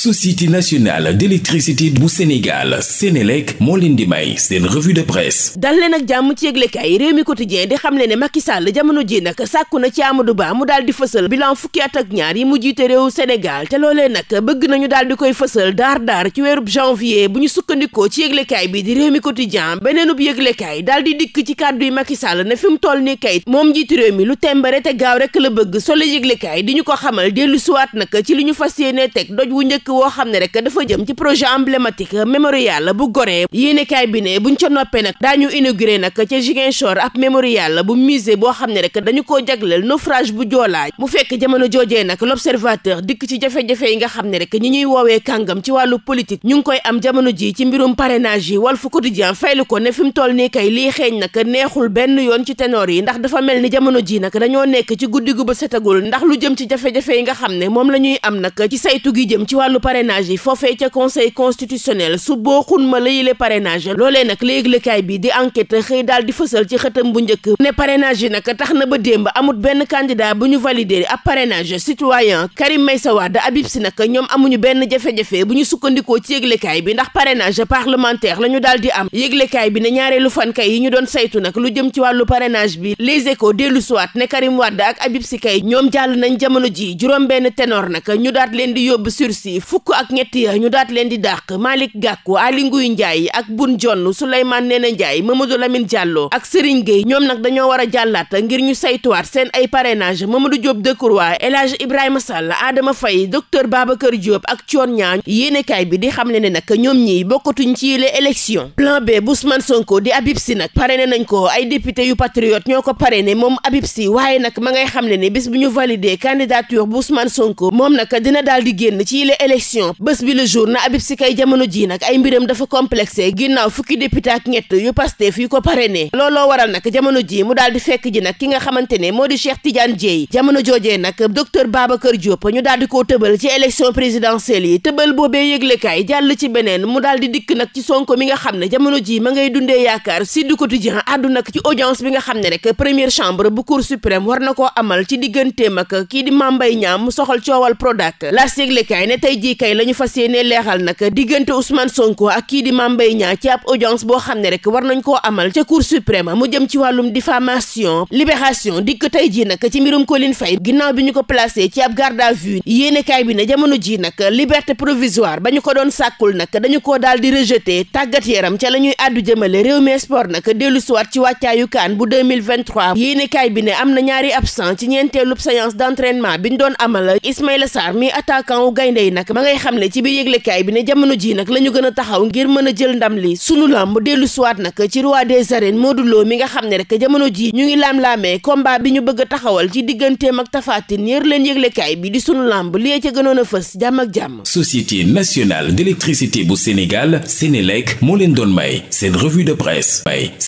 société nationale d'électricité bu Sénégal Sénélec moo leen di may seen revue de presse dal leen ak jàmm ci yëglekaay réew mi quotidien di xam le ne jamono ji nag sàkku na ci Amadou mu daal di fësal bilan fukki at ak ñaar yi mu jiite réew Sénégal te loolee nag bëgg nañu daal koy fësal daar daar ci weerub janvier bu ñu sukkandikoo ci yëglekaay bi di réew mi quotidien beneenub yëglekaay daal dikk ci kàddu yi Macky Sall ne fi mu toll ni kayit moom jiite réew mi lu tembare te gaaw woo xam ne rek dafa jëm ci projet emblématique mémorial bu Gorée yéenekaay bi ne buñ ca noppee nag daañu inauguré nag ca Ziguinchor ab mémorial bu musée boo xam ne rek dañu koo jagleel naufrage bu Joola mu fekk jamono joojee nag l'observateur dikk ci jafe-jafe yi nga xam ne rek ñi ñuy woowee kàngam ci wàllu politique ñu ngi koy am jamono ji ci mbirum parrainage yi Walf Quotidien faylu ko ne fi mu toll nii kay lii xeeñ nag neexul benn yoon ci ténor yi ndax dafa mel ni jamono ji nag dañoo nekk ci guddi gu setagul ndax lu jëm ci jafe-jafe yi nga xam ne moom la ñuy am nag ci saytu gi jëm ci wàllu wàllu parrainage yi foofee ca conseil constitutionnel su boo xunma la yile parrainage loolee nag la yëglekaay bi di enquête xëy daal di fësal ci xëtam bu njëkk ne parrainage yi nag tax na ba démb amut benn candidat bu ñu validé ab parrainage citoyen Karim Meïssa Wade Habib si nag ñoom amuñu benn jafe-jafe bu ñu sukkandikoo ci yëglekaay bi ndax parrainage parlementaire la ñu daal di am yëglekaay bi ne ñaareelu fan kay yi ñu doon saytu nag lu jëm ci wàllu parrainage bi les échos dellu ne Karim Wade ak Habib ñoom jàll nañ jamono ji juróom benn ténor nag ñu daat leen di yóbbu fukk ak ñett ya ñu daat leen di dàq Malick Gakou Aly Ngouille Ndiaye ak Boun Dionne Souleymane Ndéné Ndiaye Mamadou Lamine jàlloo ak Serigne Gueye ñoom nag dañoo war a jàllaat ngir ñu saytuwaat seen ay ma parrainage Mamadou Diop Decroix El Hadj Ibrahima Sall Adama Faye docteur Babacar Diop ak Thione Niang yéenekaay bi di xamle ne nag ñoom ñi bokkatuñ ci les élections plan B bu Sonko di Habib Sy nag parrainé nañ ko ay député yu patriote ñoo ko parrainé moom Habib waaye nag ma ngay xam ne ne bis bu ñu validé candidature bu Ousmane Sonko moom nag dina élection bés bi le jour na Habib Sy kay jamono ji nag ay mbiram dafa complexe ginnaaw fukki député ak ñett yu Pastef yu ko parrainé looloo waral nag jamono ji mu daal di fekk ji nag ki nga xamante ne moo di Cheikh Tidiane Dièye jamono joojee nag docteur Babacar Diop ñu daal di koo tëbal ci élection présidentielle yi tëbal boobee yëglekaay jàll ci beneen mu daal di dikk nag ci Sonko mi nga xam ne jamono ji ma ngay dundee yaakaar Sud Quotidien àddu nag ci audience bi nga xam ne rek première chambre bu ci digganteem di Mame Mbaye ji kay la ñu fas yéene leexal nag diggante Ousmane Sonko ak kii di Mame ne rek war nañ koo amal ca Cour suprême mu jëm ci wàllum diffamation libération dikk tey bi ko bi ne jamono ji nag liberté ba ñu ko doon sàkkul nag dañu ko daal di rejeté tàggat yaram ca la ñuy àddu jëmale réew mi sport nag dellu siwaat ci wàccaayu kaan bu 2023 yéenekaay bi ne am na ñaari absent ci ñeenteelub séance d'entraînement bi ñu doon amal Ismaïla Sarr mi attaquant wu gaynde yi nag ma ngay ne ci biir yëglekaay bi ne jamono ji nag la ñu gën a taxaw ngir mën a jël ndam li sunu làmb dellu suwaat nag ci roi des arènes Modou Lo mi nga xam ne rek jamono ji ñu ngi laam-laamee combat bi ñu bëgg a taxawal ci digganteem ak Tapha Tine yër leen yëglekaay bi di sunu làmb li ca gënoon a fës jàmm ak jàmm Société nationale d'électricité bu Sénégal Sénélec moo leen doon may seen revue de presse may